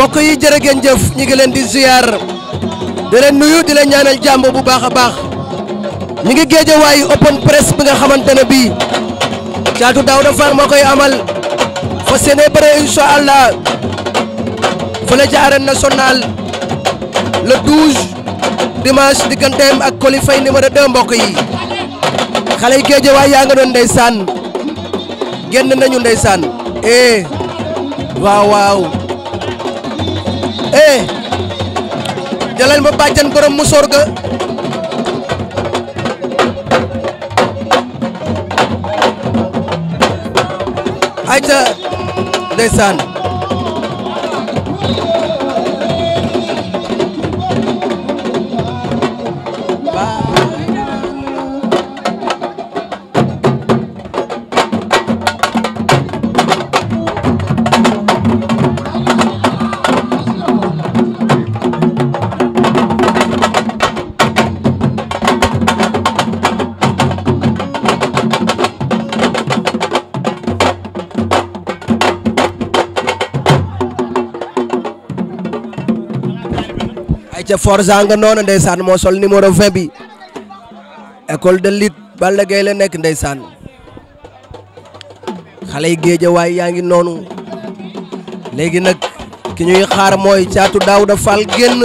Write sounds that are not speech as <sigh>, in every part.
mbokk yi jërë ngeen jëf ñi ngi leen di ziar di leen nuyu di leen ñaanal jàmm bu baax a baax ñi ngi géejewaay open presse bi nga xamante ne bii caatu Daouda Fall ma koy amal fa sene bëre incha allah fële ca arène nationale le 12 dimanche ak Coly Faye numéro 2 mbokk yi xale yi géejewaay yaa nga doon ndeysaan génn nañu ndeysaan eh waaw waaw. eh jalal ma bàjjan borom mu soor ga ayca ndeysaan ca Forza nga noonu saan moo sol numéro 20 bi école de lutte Balla Gaye la nekk ndeysaan xale yi géejawaay yaa ngi noonu léegi nag ki ñuy xaar mooy caatu Daouda Fall génn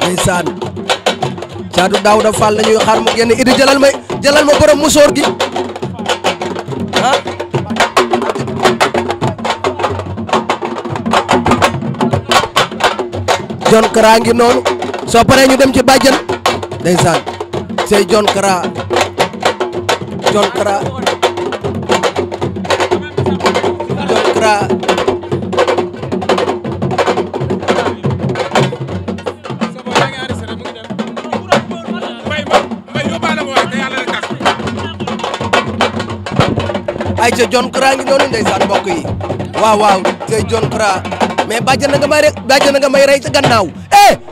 ndeysaan caatu Daouda Fall la xaar mu génn idi jëlal ma jëlal ma borom musóor gi ah. John Kara ngi noonu soo paree ñu dem ci bàjjan ndeysaan sey John Kara John Kara John Kara ay ca John Kara ngi noonu ndeysaan mbokk yi waaw waaw sey John Kara mais bàjjan na nga may rek na nga may ca gannaaw eh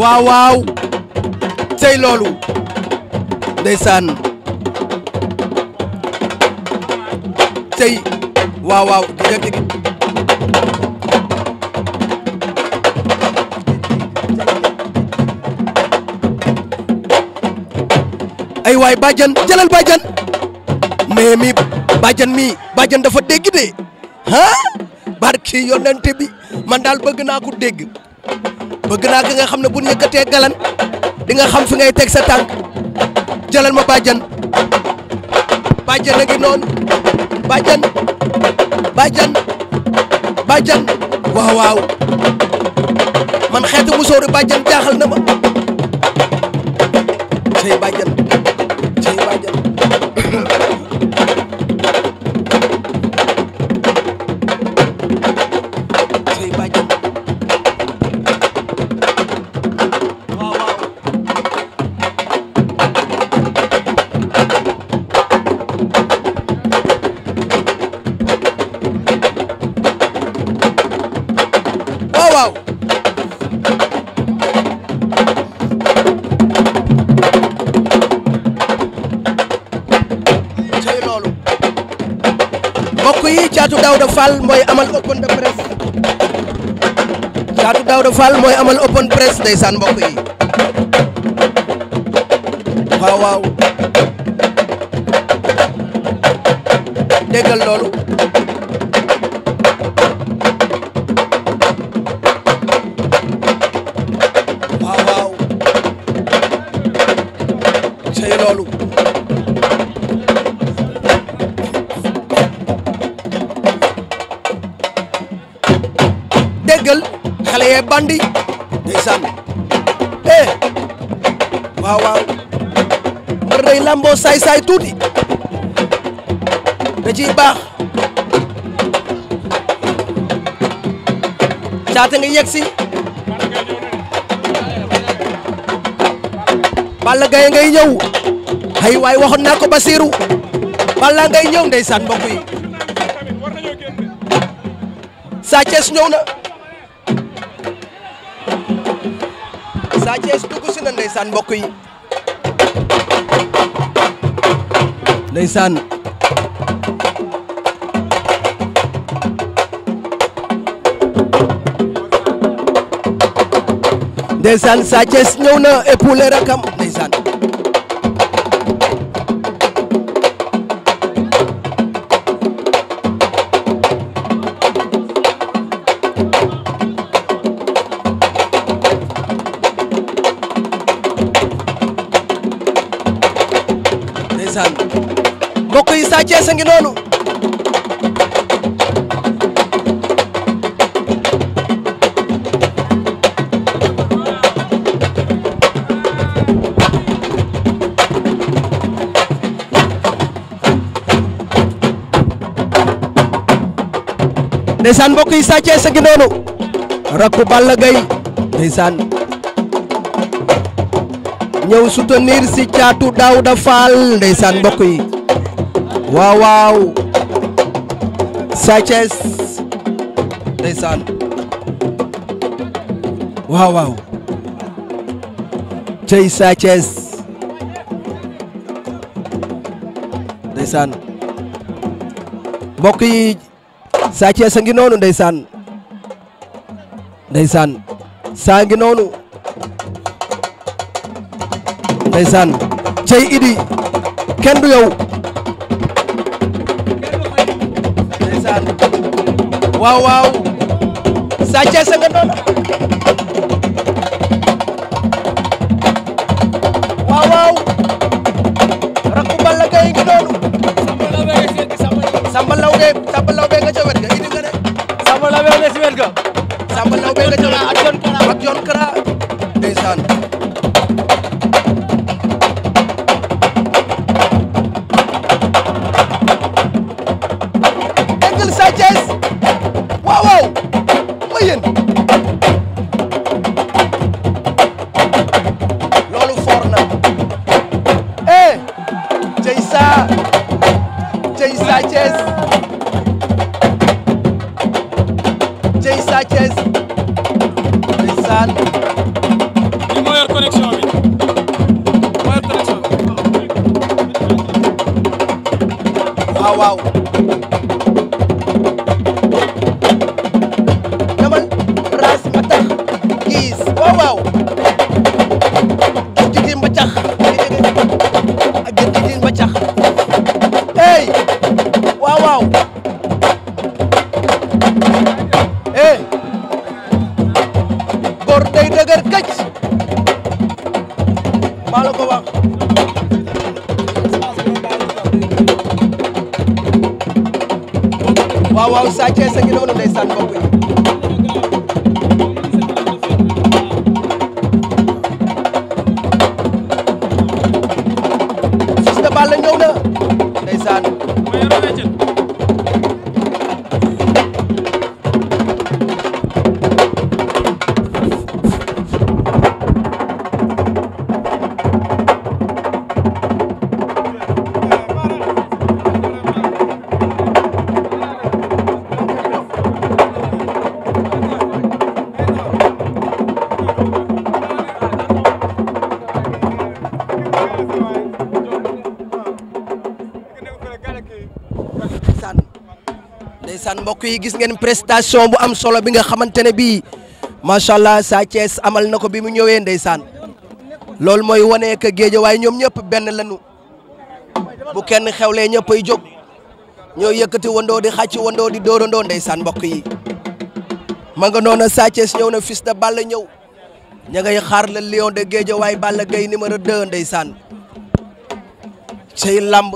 waaw waaw tey loolu ndeysaan tey waaw waaw ay waay bàjjan jëlal bàjjan mais mi bàjjan mi bàjjan dafa dégg de ah barki yonent bi man daal bëgg naa ko dégg bëgg naa ki nga xam ne bu ñëkkatee galan di nga xam fi ngay teg sa tànk jëlal ma bàjjan bàjjan a ngi noonu bàjjan bàjjan bàjjan waaw waaw man xeetu musóoru bàjjan jaaxal na ma sey bàjjan waaw cey loolu mbokk yi Thiatou Daouda Fall mooy amal open de presse Thiatou Daouda mooy amal open mbokk yi waaw waaw déggal loolu bandi ndeysaan eh waaw waaw mbër day lamboo saay-saay tuuti da ciy baax caata nga yegg si Balla Gaye ngay ñëw ay waay waxoon naa ko Basiru Balla ngay ñëw ndeysaan mbokk yi Sa Thiès ñëw na Sa Thiès dugg si na na épaulé rakam Sa ndeysaan mbokk yi Sa Thiès a ngi noonu rakku Balla Gaye ndeysaan ñëw soutenir si caatu Daouda Fall ndeysaan mbokk yi waaw waaw Sa Thiès ndeysaan waaw waaw tey Sa Thiès ndeysaan mbokk yi Sa Thiès a ngi noonu ndeysaan ndeysaan saa ngi noonu ndeysaan cey idi kenn du yow waaw waaw Sa Thiès nga waaw waaw rakku Balla Gaye noonu Samba Law be Samba Law be nga ca wet ga nga de Samba Law be nga ci wet ga Law be nga ca wet ga ak John Kara waaw waaw waaw Sa Thiès a ngi noonu ndeysaan mbokk yi ndeysaan mbokk yi gis ngeen prestation bu am solo bi nga xamante ne bii macha allah Sa amal na ko bi mu ñëwee ndeysaan loolu mooy wane que Guédiawaye ñoom ñëpp benn lañu bu kenn xew xewlee ñëpp ay jóg ñoo yëkkati wandoo di xàcc wandoo di dóorandoo ndeysaan mbokk yi ma nga noona Sa Thiès ñëw na Fils de Balla ñëw ña ngay xaar la Lion de Guédiawaye Balla Gaye numéro 2 ndeysaan cey lamb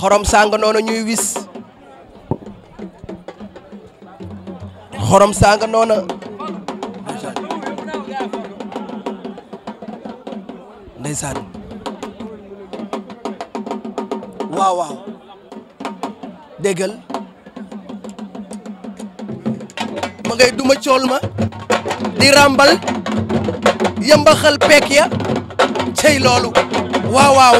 xorom sàng noonu ñuy wis xorom sanga noona ndeysaan waaw waaw déggal ma ngay duma cool di ràmbal yambaxal peek cey loolu waaw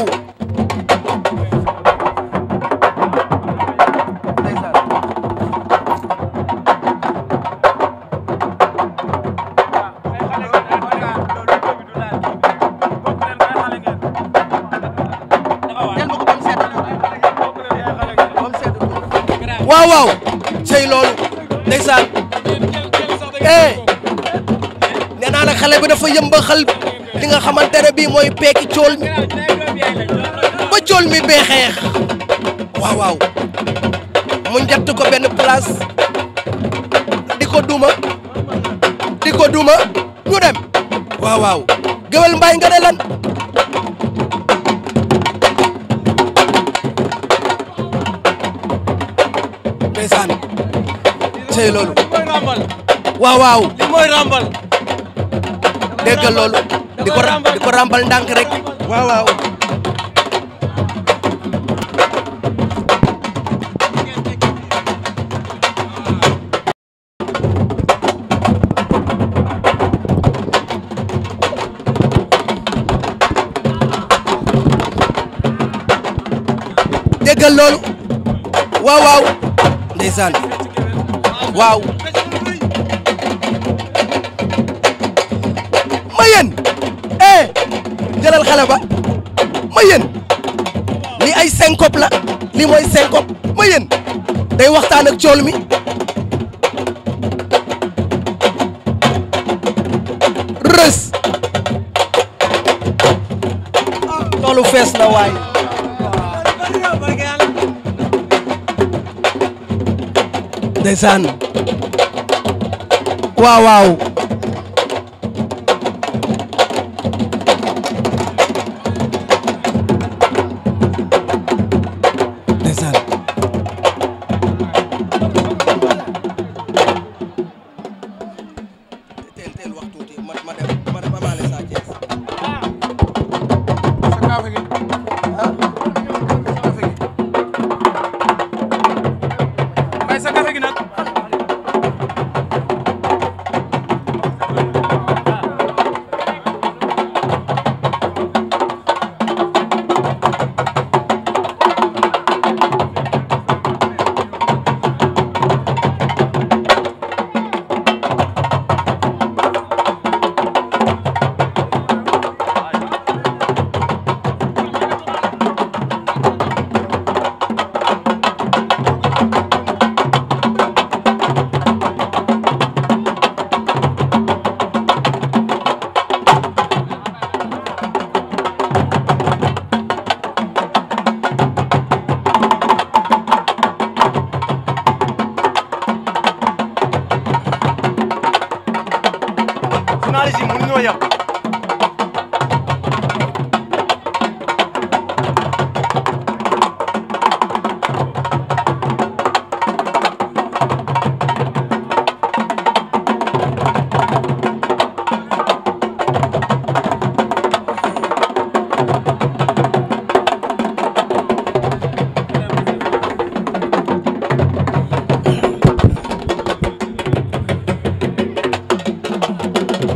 bi dafa yëmbaxal li nga xamante ne bii mooy peeki cool mi ba cool mi bee waaw waaw mu njatt ko benn place di ko duma di ko duma ñu dem waaw waaw géwél mbaay nga ne lan ndeysaan cey loolu waaw waaw déggal loolu di ko di ko rek waaw waaw loolu waaw waaw ndeysaan waaw teral xale ay syncope la lii mooy syncope ma yéen day waxtaan ak cool mi rës toolu fees na waay ndeysaan waaw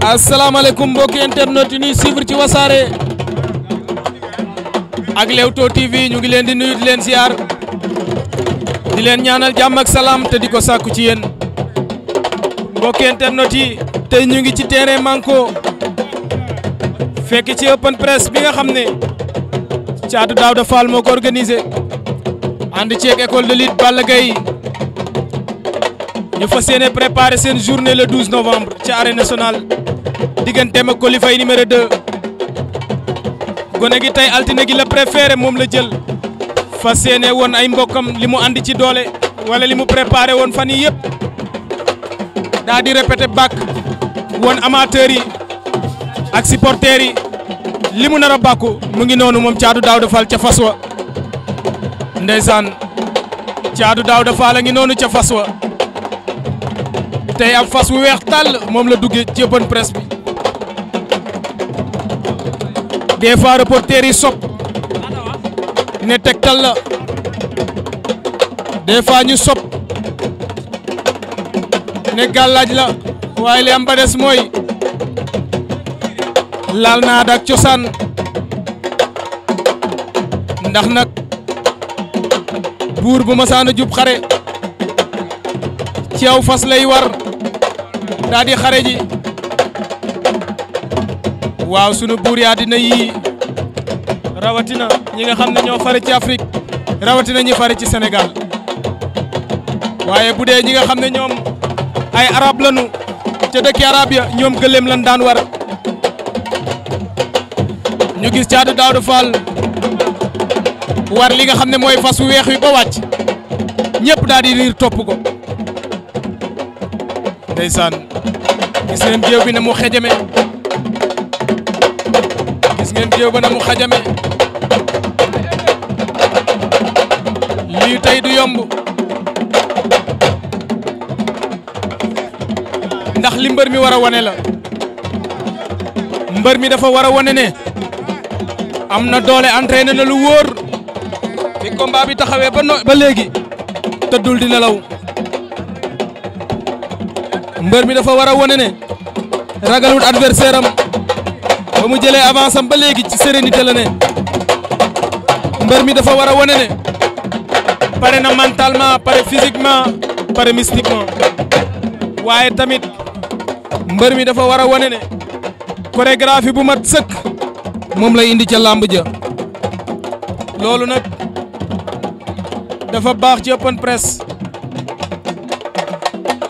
asalaamaaleykum mbokki internet yi ñuy suivre ci wasaare ak Leewtoo TV ñu ngi leen di nuyu di leen ziar di leen ñaanal jàmm ak salaam te di ko sàkku ci yéen mbokki internet yi tey ñu ngi ci terrain Manko fekk ci open press bi nga xam ne Thiatou Daouda Fall moo ko organisé ànd ceeg école de lutte Balla Gaye ñu fas yéene préparé seen journée le 12 novembre ci arène nationale digganteem ak Coly Faye numéro 2 gone gi tey altine gi la préféré moom la jël fas yéene woon ay mbokkam li mu andi ci doole wala li mu préparé woon fan yii yëpp daa di répété bàkk woon amateurs yi ak supporters yi li mu nar a bàkku mu ngi noonu moom Thiatou Daouda Fall ca fas wa ndeysaan Thiatou Daouda Fall a ngi noonu ca fas wa tey ab fas weex tàll moom la duggee ci open presse bi des fois yi sopp ne tegtal la des fois ñu sopp ne gàllaaj la waaye li am ba des mooy laal naa dak cosaan ndax nag buur bu masaana jub xare ci fas lay war daa di xare waaw sunu buur yi àddina yi rawatina ñi nga xam ne ñoo fare ci Afrique rawatina ñi fare ci Sénégal waaye bu dee ñi nga xam ne ñoom ay arab lanu ca dëkki arab ya ñoom gëléem lan daan war ñu gis caatu Daawda Fall war li nga xam ne mooy fas weex wi ba wàcc ñëpp daal di riir topp ko ndeysaan gis ngeen géew bi na mu xajame gis ngeen lii tey du yomb ndax li mbër mi war a wane la mbër mi dafa war a wane ne am na doole entraîné na lu wóor bi combat bi taxawee ba léegi tëddul dina law mbër mi dafa war a wone ne ragalul adversaire ba mu jëlee avance am ba léegi ci sérénité la ne mbër mi dafa war a wone ne pare na mentalement pare physiquement pare mystiquement waaye tamit mbër mi dafa war a wone ne chorégraphie bu mat sëkk moom lay indi ca làmb ja loolu nag dafa baax ci open press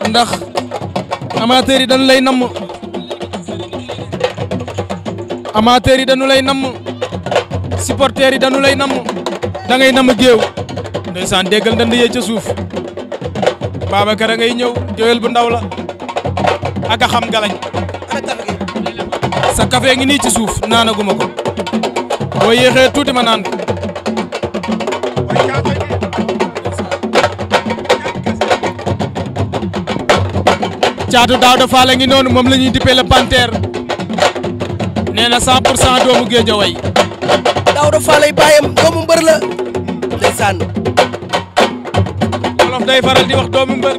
ndax amateur yi dañu lay namm amateur yi dañu lay namm supporters yi dañu lay namm da ngay namm géew ndeysaan déggal ndand suuf Babacar a ngay ñëw géwél bu ndaw la ak a xam galañ sa café ngi nii ci suuf naanaguma ko boo yéexee tuuti ma naan Thiatou Daouda Fall a ngi noonu moom la ñuy dippee le panthère nee na 100 pour cent doomu Géejawaay. Daouda Fall ay baayam doomu mbër la ndeysaan. wolof day faral di wax doomu mbër.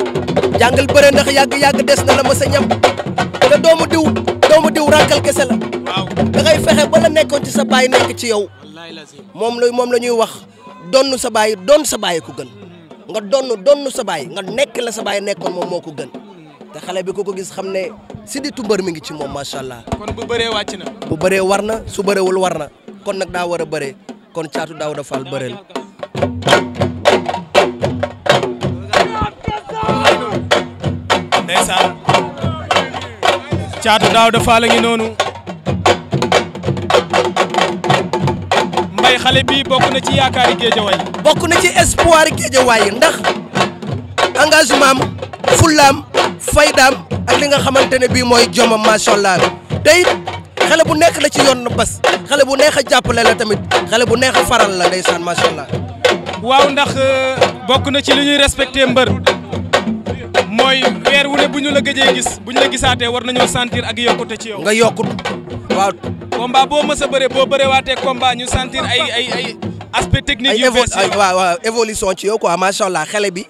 jàngal bëre ndax yàgg yàgg des na la ma sa ñam te doomu diw doomu diw rànkal kese la. waaw fexe ba la nekkoon ci sa baay nekk ci yow. moom la moom la ñuy wax donn sa baay doon sa baay ko gën. nga donn donn sa baay nga nekk la sa baay nekkoon moom moo ko gën. te xale bi ku ko gis xam ne sidditu mbër mi ngi ci moom macha allah. kon bu bëree wàcc na. bu bëree war na su bëreewul war na kon nag daa war a bëree kon caatu daaw dafa al bëreel. ndeysaan caatu daaw dafa la ngi noonu. mbay xale bi bokk na ci yaakaari géejawaay. bokk na ci espoir géejawaay ndax engagement fullaam faydaam ak li nga xamante ne bii mooy jomam macha allah te it xale bu nekk la ci yoon bas xale bu neex a jàppale la tamit xale bu neex a faral la ndeysaan macha allah. waaw ndax euh, bokk na ci li ñuy respecté mbër mooy weer wu ne bu ñu la gëjee gis bu ñu la gisaatee war nañoo sentir ak yokkute ci yow. nga yokkut waaw. combat boo mës a bëree boo bëree waatee combat ñu sentir ay ay ay aspect technique yu bees waaw waaw ci yow quoi macha allah xale bi.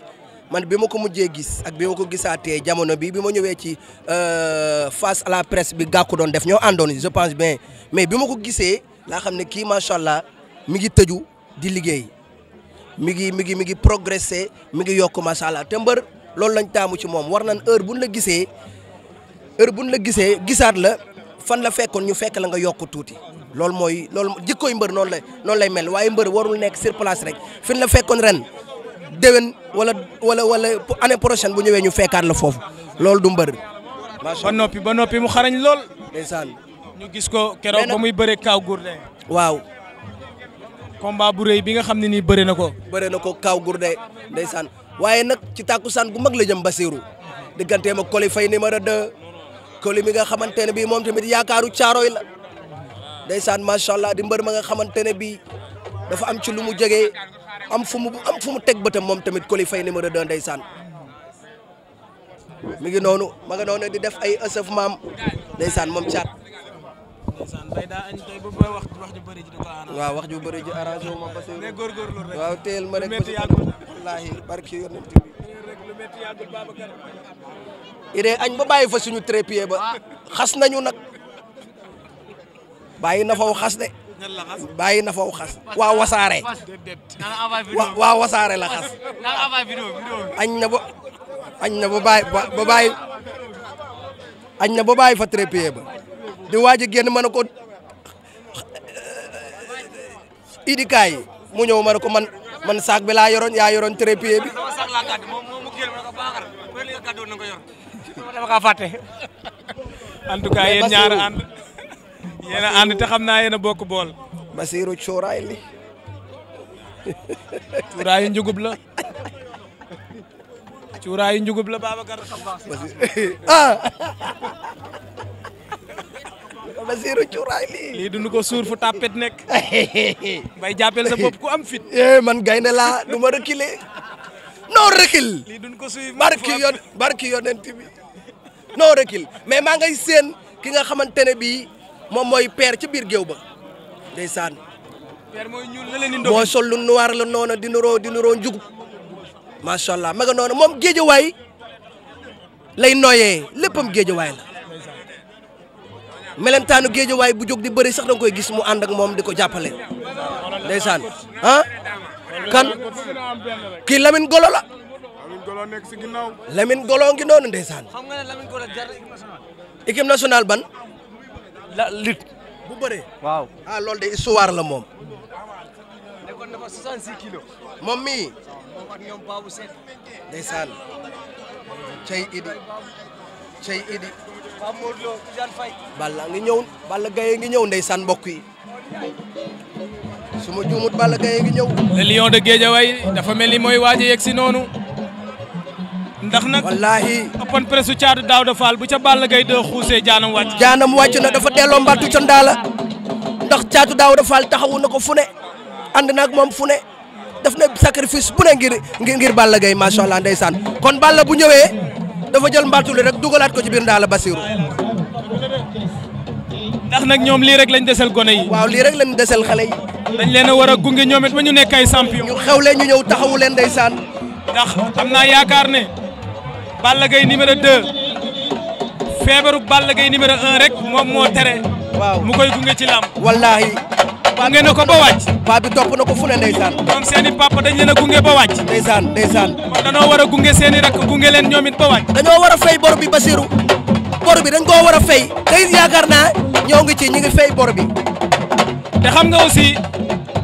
man bi ma ko mujjee gis ak bi ma ko gisaatee jamono bi bi ma ñëwee ci euh, face à la presse bi gàkku doon def ñoo àndoon je pense bien mais bi ma ko gisee laa xam ne kii macha allah mi ngi tëju di liggéey mi ngi mi ngi mi ngi progressé mi ngi yokk macha allah te mbër loolu lañ taamu ci moom war nañ heure bu buñ la gisee heure buñ la gisee gisaat la fan la fekkoon ñu fekk la nga yokk tuuti. loolu mooy loolu jikkooy mbër noonu la noonu lay mel waaye mbër warul nekk sur place rek fi ñu fekkoon ren déwén wala wala wala année prochaine bu ñëwee ñu fekkaat la foofu loolu du mbër. ba noppi ba noppi mu xarañ lool. ndeysaan ñu gis ko keroog ba muy bëree Kaaw Gourdin. waaw. combat bu rëy bi nga xam ne ni bëri na ko. bëri na ko Kaaw Gourdin ndeysaan waaye nag ci tàkkusaan gu mag la jëm Basiru digganteem ak Koli Faye numéro 2 Koli mi nga xamante ne bii moom tamit yaakaaru caaro yi la ndeysaan macha allah di mbër ma nga xamante ne bii dafa am ci lu mu jege. am fu mu am fu mu teg bëtam moom tamit Coly Faye numéro 2 ndeysaan mi ngi noonu ma di def ay ësëf maam ndeysaan moom caat. waaw wax ju bëri ji arrangé wu ma parce que waaw ma rek añ ba bàyyi fa suñu trépied ba xas nañu nag bàyyi na faw xas de bàyyi na faw xas waa wasaare waa wasaare la xas añ na ba añ na ba bàyyi ba bàyyi añ na ba bàyyi fa trépied ba di waaj a génn mën a ko eh, idikaay yi mu ñëw mën a ko man man saak bi laa yoroon yaa yoroon trépied bi <laughs> en tout cas yéen ñaar ànd yéen a ànd te xam naa yéen a bokk bool. Basiirou cuuraay li. cuuraayu njugub la. cuuraayu njugub la Babacar. ah. Basiirou cuuraay li. lii dund suur fu tàppet nekk. bay jàppel sa bopp ku am fit. <laughs> Eh, man gaynde laa du ma reculer. non recul. lii dund ko suy barki maa ngay seen ki nga xamante ne bii. moom mooy père ci biir géew ba ndeysaan moo sol lu la noona di niroo di nuroo njugub macha allah ma nga noona moom géejawaay lay nooyee léppam waay la melentaanu waay bu jóg di bëri sax danga koy gis mu ànd ak moom di ko jàppale ndeysaan ah kan kii Lamine Golo la Lamine Golo ngi noonu ndeysaan équipe nationale ban la lutte. bu bëree waaw. ah de histoire la moom. nekkoon na fa moom mii. moom ak cey idi cey idi. Pape ngi ñëw Balla Gaye ngi ñëw ndeysaan mbokk yi. su ma juumut Balla Gaye ngi ñëw. le lion de Guédiawaye dafa mel mooy waaj a si noonu. ndax nag wallaahi open presse su caatu Daouda bu ca Balla Gaye 2 xuusee jaanam wàcc jaanam wàcc na dafa delloo mbattu ca ndaala ndax caatu Daouda Fall taxawu na ko fu ne ànd naag moom fu ne daf na sacrifice bu ne ngir ngir Balla Gaye macha allah ndeysaan kon Balla bu ñëwee dafa jël mbattu li rek dugalaat ko ci biir ndaala Basiru ndax nag ñoom lii rek lañ desel gone yi waaw lii rek lañ desel xale yi dañ leen war a gunge ñoom it ba ñu nekk ay champion ñu xewle ñu ñëw taxawu leen ndeysaan ndax am naa yaakaar ne Balla Gaye numéro 2 feebaru Balla Gaye numéro 1 rek moom moo tere. waaw mu koy gunge ci làmb. wallaahi. paa gunge na ko ba wàcc. paa bi topp na ko fule ndeysaan. ñoom seen i papa dañ leen a gunge ba wàcc. ndeysaan ndeysaan. kon danoo war a gunge seen i rak gunge leen ñoom it ba wàcc. dañoo war a fay bor bi Basirou bor bi dañ koo war a fay. tey yaakaar naa ñoo ngi ci ñu ngi fay bor bi. te xam nga ussi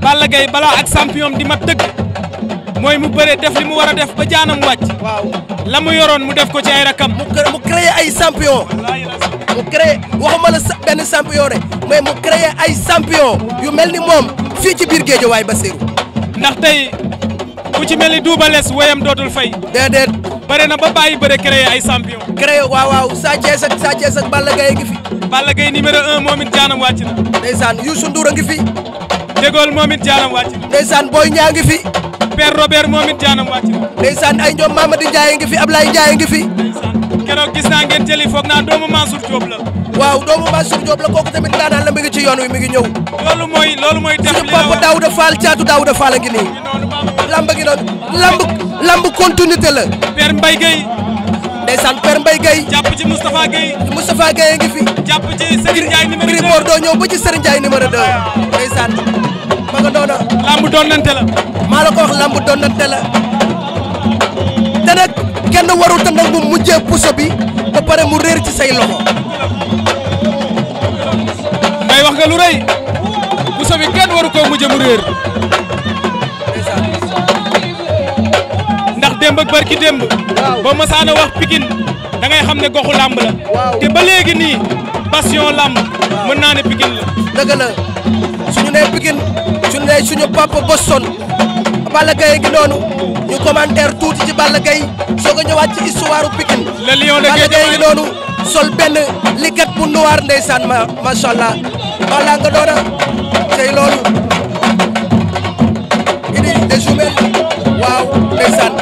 Balla Gaye balaa ak champion di mat dëgg. mooy mu bëre def li mu war a def ba jaanam wàcc. waaw la mu yoroon mu def ko ci ay rakam. mu créé mu créé ay champion. benn champion rek mais mu créé ay champion yu mel ni moom fii ci biir Géejawaay Basirou. ndax tey ku ci mel ni Double Less woyam dootul fay. déedéet. bëre na ba bàyyi bëre créé ay champion. créé waaw waaw Sa Thiès ak Sa Thiès ak Balla Gaye ngi fi. Balla Gaye numéro un jaanam wàcc na. ndeysaan Youssou Ndour a ngi fi. Dégool moom jaanam wàcc na. ndeysaan père Robert moom it jaanam wàcc na. ndeysaan ay ñoom Mamadi Ndiaye ngi fi Ablaye Ndiaye ngi fi. keroog gis naa ngeen jëli foog naa doomu Mansour Diop la. waaw doomu Mansour Diop la kooku tamit daanaan la mi ngi ci yoon wi mi ngi ñëw. loolu mooy loolu mooy. def li la Daouda caatu Daouda Fall a ngi nii. lamb gi noonu lamb lamb la. père Mbaye Gueye. ndeysaan père Mbaye Gueye. jàpp ci Moustapha Gueye. Moustapha Gueye ngi fi. jàpp ci ñëw ba ci Serigne Ndiaye numéro 2. ndeysaan ma nga doona. lamb maa la ko wax lamb doon na teel a te nag kenn warul te mu mujjee puso bi ba pare mu réer ci say loxo. ngay wax nga lu rëy puso bi kenn waru koo mujjee mu réer. ndax démb ak barki démb. ba masaana wax pikin da xam ne goxu lamb la. te ba léegi nii passion lamb mën naa ne pikin la. dëgg la suñu nee pikin suñu nee suñu papa Boston. Balla a gi noonu ñu commentaire tuuti ci Balla Gaye soog a ñëwaat ci histoire Pikine le de Balla gi noonu sol benn liket bu noir ndeysaan ma macha allah Balla nga doona tey loolu idi des jumelles waaw ndeysaan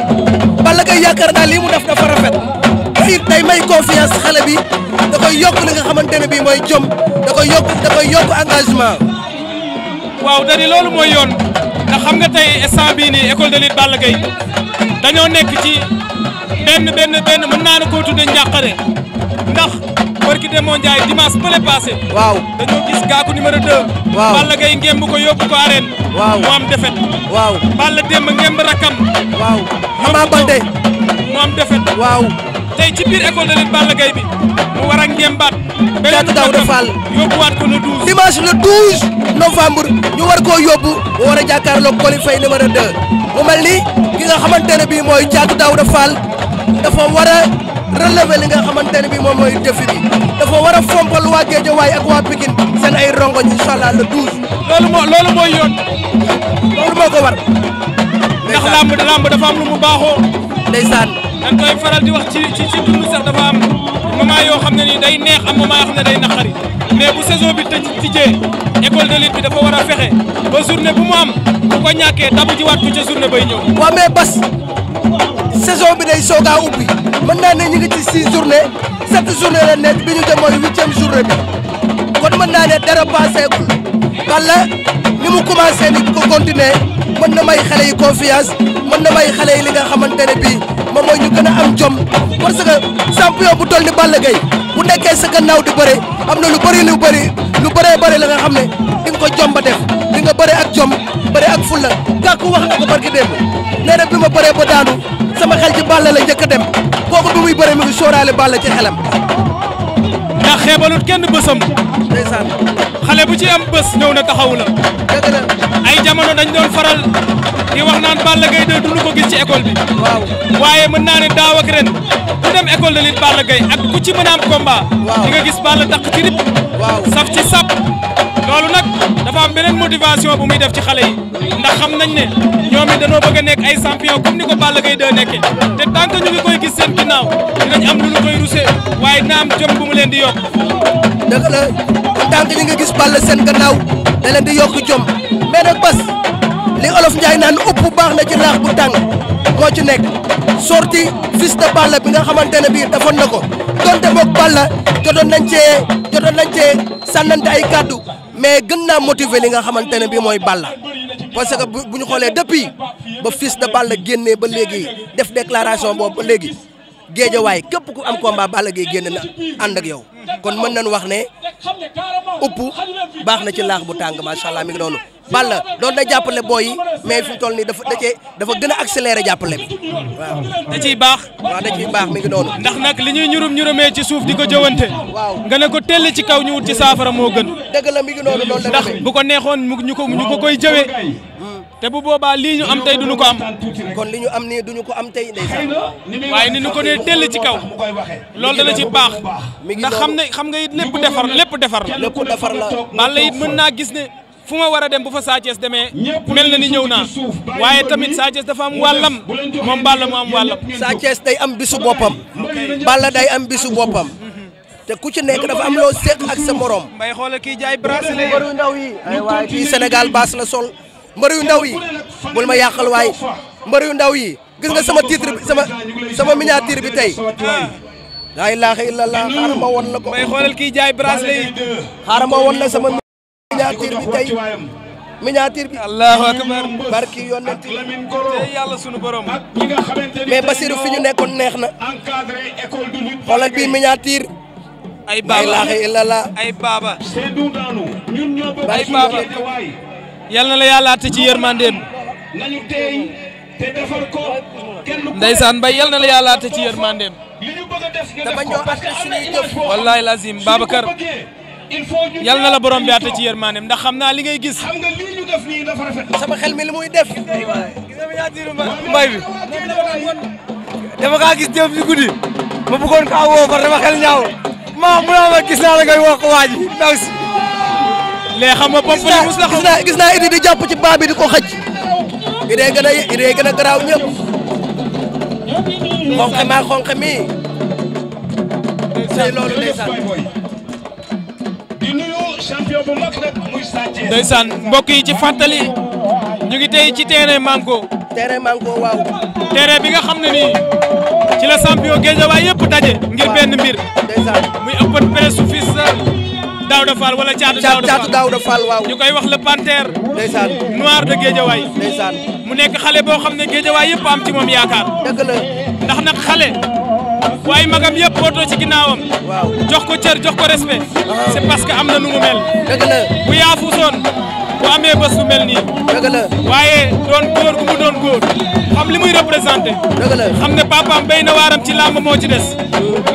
Balla yaakaar naa lii mu def dafa rafet tey day may confiance xale bi da koy yokk li nga xamante ne mooy jom da koy yokk engagement waaw dani loolu mooy yoon xam nga tey instant bii nii école de lutte Balla Gaye dañoo nekk ci benn benn benn mën naa la koo tuddee ndax barki Demba Ndiaye dimanche bële passé. dañoo gis gaaku numéro 2. Balla Gaye ngemb ko yóbbu ko arène. waaw mu am defet. waaw Balla démb ngemb rakkam. waaw Ama Baldé mu am defet. waaw tey ci biir école de lutte Balla Gaye bi mu war a ngembaat. benn daw de Fall yóbbuwaat ko le 12. dimanche le 12. 17 novembre ñu war ko yóbbu mu war a jàkkaarloog Coly Faye a 2 mu mel ni ki nga xamante ne bii mooy Thiatou Daouda Fall dafa war a relever li nga xamante ne bii moom mooy défi bi dafa war a fompal waa Guédiawaye ak waa Pikine seen ay rongoñ incha allah le 12. loolu moo loolu mooy yoon. loolu moo ko war. ndax làmb dafa am lu mu baaxoo. ndeysaan. dañ koy faral di wax ci ci dund sax dafa am. moment yoo xam ne nii day neex am moment yoo xam day naqari mais bu saison bi tëj tijjee école de bi dafa war a fexe ba journée bu mu am bu ko ñàkkee dabu ji waat ko ca bay ñëw. waaw mais bas saison bi day soog ubbi mën naa ne ñu ngi ci six journée sept journée la nekk bi ñu dem mooy huitième bi kon mën naa ne dara paaseegul wala ni mu commencé ni ko continuer mën na may xale yi confiance mën na may xale yi li nga xamante moom mooy ñu a am jom parce que champion bu toll ni Balla Gaye bu nekkee sa gannaaw di bëre am na lu bëri lu bëri lu bëree bëri la nga xam ne di ko jom ba def di nga bëre ak jom bëre ak fulla kàkku wax na ko barki démb nee bi ma bëree ba daanu sama xel ci Balla la njëkk a dem kooku bi muy bëre mi ngi sóoraale Balla ci xelam ndax xeebalut kenn bësam. ndeysaan xale bu ci am bës ñëw na taxawu la. dëgg la ay jamono dañ doon faral di wax naan Balla Gaye de duñu ko gis ci école bi. waaw waaye mën naa ne daaw ak ren ku dem école de lutte Balla ak ku ci mën a am combat. waaw nga gis Balla takk ci rip. saf ci sap. loolu nag dafa am beneen motivation bu muy def ci xale yi ndax xam nañ ne ñoom it dañoo bëgg a nekk ay champion comme ni ko Balla Gaye 2 nekke te tant ñu ngi koy gis seen ginnaaw dinañ am lu ñu koy rusé waaye dina am jom bu mu leen di yokk dëgg la tant ñu ngi gis Balla seen gannaaw da leen di yokk jom mais nag bas li olof Njaay naan bu baax na ci raax bu tàng moo ci nekk sorti fils de Balla bi nga xamante ne bii defoon na ko donte boog Balla jotoon nañ cee jotoon nañ cee ay kàddu mais gën naa motiver li nga xamante ne bii mooy Balla parce que bu ñu xoolee depuis ba fils de Balla génnee ba léegi def déclaration boobu ba léegi géejawaay képp ku am combat Balla Gaye génn na ànd ak yow kon mën nañu wax ne upp baax na ci laax bu tàng macha allah mi ngi noonu. Balla doon day jàppale booy yi mais fi mu toll nii dafa da cee gën a accéléré jàppale bi waaw. da baax. waaw da ciy baax mi ngi noonu. ndax nag li ñuy ñurum ñurumee ci suuf di ko jëwante. waaw nga ne ko tell ci kaw ñu wut ci saafara moo gën. dëgg la mi ngi noonu loolu ndax bu ko neexoon ñu ko ñu ko koy jëwee. te bu boobaa lii ñu am tey duñu ko am. kon li ñu am nii duñu ko am tey ndeysaan. waaye ni ñu ko nee tell ci kaw. loolu dana ci baax. mi ngi ndax xam xam nga it lépp defar lépp defar la. lépp defar la. Balla it mën naa gis ne fu ma war a dem ba fa Sa Thiès demee mel na ni ñëw naa waaye tamit Sa Thiès dafa am wàllam moom Balla mu am wàllam. Sa Thiès day am bisu boppam. Balla day am bisu boppam. te ku ci nekk dafa am loo séq ak sa morom. mbay xoolal kii jaay bracelet mbëru ndaw yi. waaye kii Sénégal baas la sol. mbëru ndaw yi bul ma yàqal waay mbëru ndaw yi gis nga sama titre bi sama sama miniature bi tey. Ah. laa ilaaha illallah xaaral ma won la ko. mbay xoolal kii jaay bracelet yi. xaaral ma won la miniature bi tey miniature allahu akbar barki yonent tey yàlla sunu borom. mais Basirou fi ñu nekkoon neex na. xoolal bii miniature. ay baaba yal na la yàlla àtte ci yërmandeem ndeysaan bay yal na la yàlla àtte ci yërmandeem dama ñoo àtte suñuy jëf wallaay lazim Babacar yal na la borom bi àtte ci yërmaandeem ndax xam naa li ngay gis. xam nga lii ñu def nii dafa rafet. sama xel mi li muy def. mbay bi. dama kaa gis jëm si ma bëggoon kaa woo ko dama xel ñaaw. maa mu ne ma gis naa la ngay woo ko waa ji ndaw si. léegi nga pompali mus la gis naa gis naa di jàpp ci baa bi di ko xëj. idee gën a idee gën a garaaw ñëpp. xonq maa xonq mi. tey loolu ndeysaan champion bu mag mbokk yi ci fàttali ñu ngi tey ci terrain Manko. terrain Manko bi nga xam ne nii ci la champion Guédiawaye yëpp daje. ngir benn mbir. ndeysaan muy open press su fils Daouda Fall wala Thiatou Daouda Fall koy wax le panthère. ndeysaan noir de mu nekk xale boo xam ne Guédiawaye yëpp am ci moom yaakaar. ndax nag xale. waaye magam yëpp bootoo ci ginnaawam. waaw jox ko cër jox ko respect. c'est parce am na nu mu mel. dëgg la bu yaafuusoon bu amee bés bu mel nii. waaye doon góor gu mu doon góor xam li muy représenté. dëgg la xam ne papaam béy na waaram ci làmb moo ci des.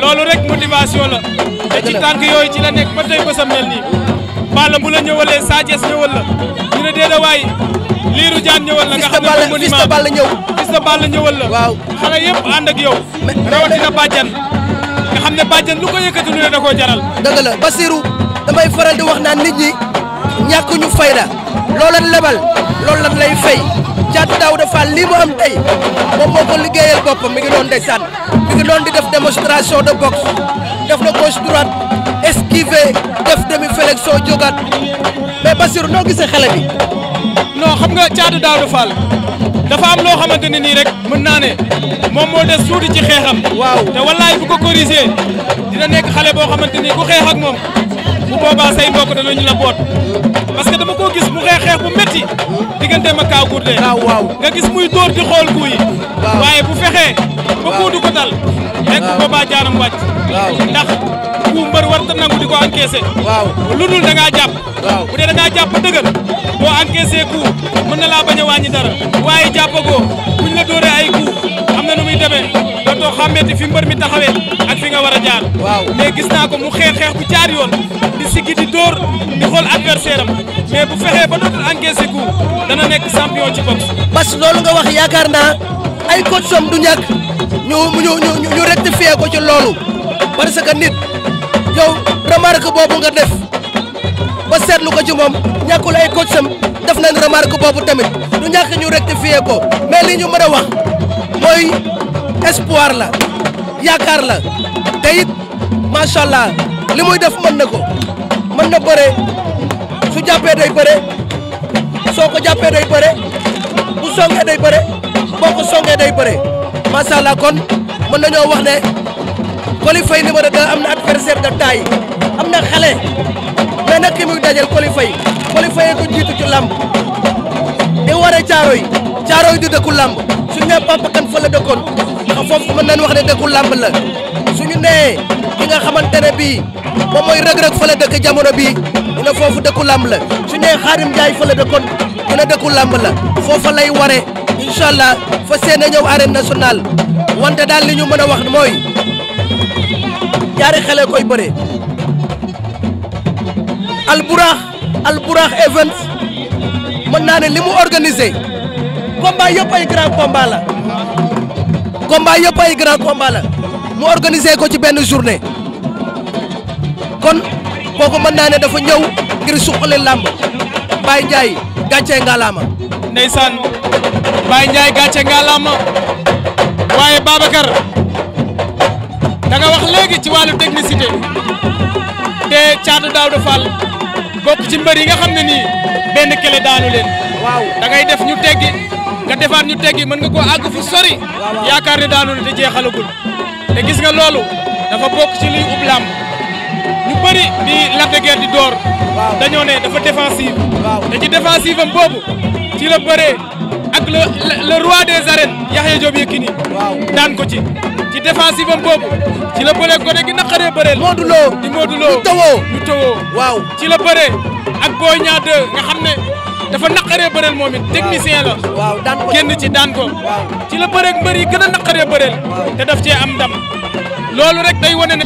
loolu rek motivation la. dëgg la te ci tànk yooyu ci la nekk ba tey bésam mel nii. Balla bu la ñëwalee Sa Thiès ñëwal la ñu ne déedéet waay Lirou Diane ñëwal la nga xam de Balla ñëw Fils de Balla ñëwal la waaw xale yëpp ànd ak yow rawatina bàjjan nga xam ne bàjjan lu ko yëkkati ñu ne da koo jaral dëgg la Basirou damay faral di wax naan nit ñi ñàkk ñu fayda loo leen lebal loolu lan lay fay Thiatou Daouda Fall lii mu am tey moom moo ko liggéeyal boppam mi ngi doon ndeysaan mi ngi doon di def démonstration de boxe def na gauche droite esquiver def demi flexion jógaat mais Bassirou noo gisee xale bi. non xam nga Thiatou Daouda Fall dafa am loo xamante ne nii rek mën naa ne moom moo des tuuti ci xeexam. te wallaay bu ko corriger dina nekk xale boo xamante ni ku xeex ak moom bu boobaa say mbokk danañ la boot parce que dama koo gis mu xeex xeex bu métti diggante ma Kaaw Gourdin. Ah, nga gis muy dóor di xool kuu waaye bu fexee. ba kuu ko dal. waaw boobaa jaanam wàcc. waaw ndax ku mbër war ta nangu di ko encaissé. waaw lu dul da ngaa jàpp. waaw bu dee da ngaa jàpp dëgër boo encaissé ku mën na laa bañ a wàññi dara waaye jàppagoo buñ la dóoree ay ku am na nu muy demee dootoo xàmmeeti fi mbër mi taxawee ak fi nga war a jaar. waaw mais gis naa ko mu xeex xeex bu jaar yoon di siggi di dóor di xool adversaire am bu fexee ba dootul encaissé ku dana nekk champion ci boxe. parce que loolu nga wax yaakaar naa ay coach som du ñàkk ñu ñu ñu rectifier ko ci loolu. parce que nit yow remarque boobu nga def ba seetlu ko ci moom ñàkkul ay ko sam def nañ remarque boobu tamit du ñàkk ñu rectifier ko mais li ñu mën a wax mooy espoir la yaakaar la te it li muy def mën na ko mën na bëre su jàppee day bëre soo ko jàppee day bëre bu songee day bëre boo ko songee day bëre macha kon mën nañoo wax ne. Coly Faye numéro 2 am na adversaire de taille am na xale mais nag ki muy dajal Coly Faye Coly jiitu ci làmb di waree caaro yi caaro yi di dëkku làmb suñu nee Papa Kane fa la dëkkoon ndax foofu mën nañu wax ne dëkku làmb la suñu nee ki nga xamante ne bii moom mooy rëg-rëg fa la dëkk jamono bii ñu ne foofu dëkku làmb la su nee Xaadim Njaay fa la dëkkoon ñu dëkku làmb la foofa lay waree incha allah fa seen a ñëw arène nationale wante daal li ñu mën a wax mooy. ñaari xale koy bëree Alburax Alburax Events mën naa ne li mu organisé combat yëpp ay grand combat la combat yëpp ay grand mu organisé ko ci benn journée kon kooku mën naa ne dafa ñëw ngir suqali làmb Baye Ndiaye gàcce ngalaama ndeysaan Baye Ndiaye gàcce ngalaama waaye Babacar da nga wax léegi ci wàllu technicité te Thiatou Daouda Fall bokk ci mbër yi nga xam ne nii benn kele daanu leen. waaw da ngay def ñu teggi nga defaat ñu teggi mën nga ko àgg fu sori. yaakaar ne daanu ne te jeexalagul te gis nga loolu dafa bokk ci liy ub làmb ñu bëri di Lac de di door. dañoo ne dafa défensive. waaw te ci défensive boobu ci la bëree ak le le roi des arènes Yaxya Diop daan ko ci. ci défensive am boobu ci la bëree gone gi naqaree bëreel. Modou Lo di Modou Lo ñu ci la bëree ak Boy Niang 2 nga xam ne dafa naqaree bëreel moom it technicien la. génn ci daan ko. ci la bëree ak mbër yi gën a naqaree bëreel. te daf cee am ndam loolu rek day wone ne.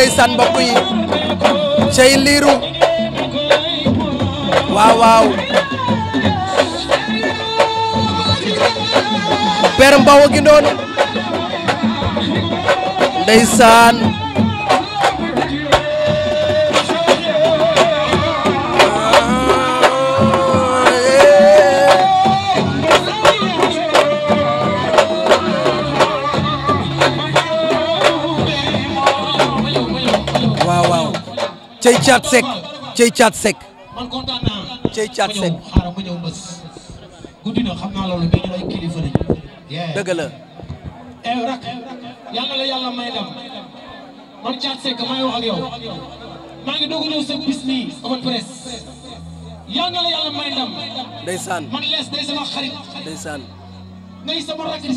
ndeysaan mbokk yi cey liiru waaw waaw per mbaw gi noonu ndeysaan cey caat sec cey caat sec cey caat sec xam naa loolu eh, mais ñu sa bis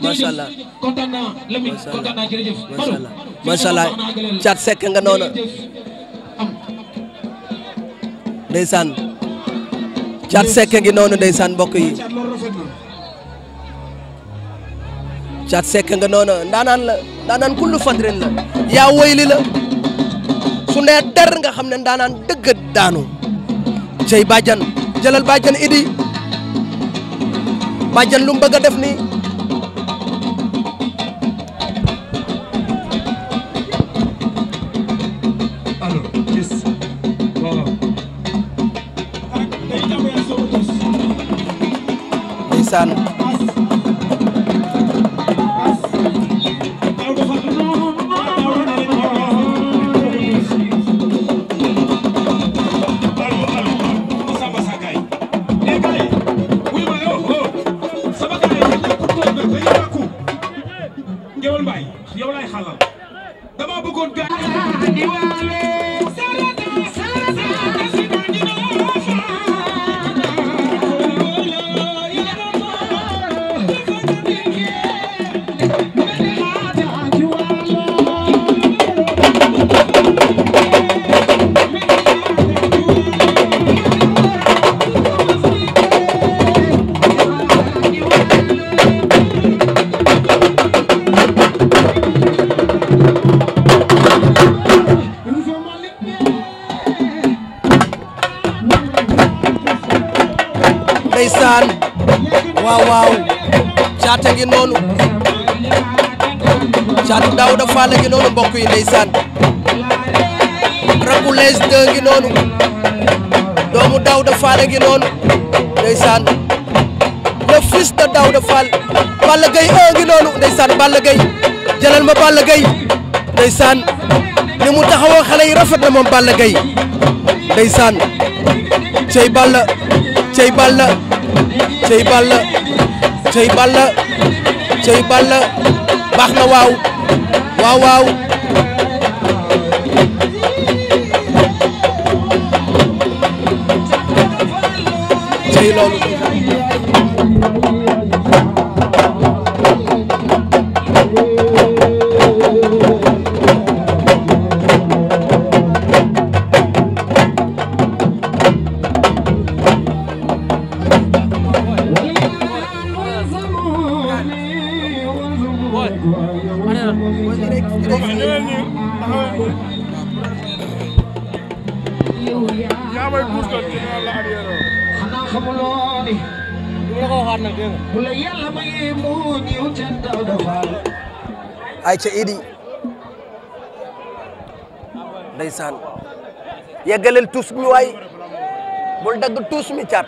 macha allah kontaan naa Lamine kontaan naa jërëjëf macha allah caat sekk nga noona ndeysaan caat sekk ngi noonu ndeysaan mbokk yi caat sekk nga noona ndaanaan la ndaanaan kullu fadrin la yaa woyli la der nga xam ne ndaanaan dëgg daanu cey bàjjan jëlal bàjjan idi bàjjan lu mu a def nii ndeysaan waaw waaw caata gi noonu caatu Daawda Fall gi noonu mbokk yi ndeysaan rakku dë gi noonu doomu Daawda Fall gi noonu ndeysaan le fils de Daawda Fall Balla Gaye e gi noonu ndeysaan Balla Gaye jëlal ma Balla Gaye ndeysaan ni mu taxawoo xale yi rafet na moom Balla Gaye ndeysaan cey Balla cey Balla cey Balla cey Balla cey Balla baax na waaw waaw waaw cey loolu ay ca idi ndeysaan yeggaleel tuus mi waay bul dagg tuus mi caat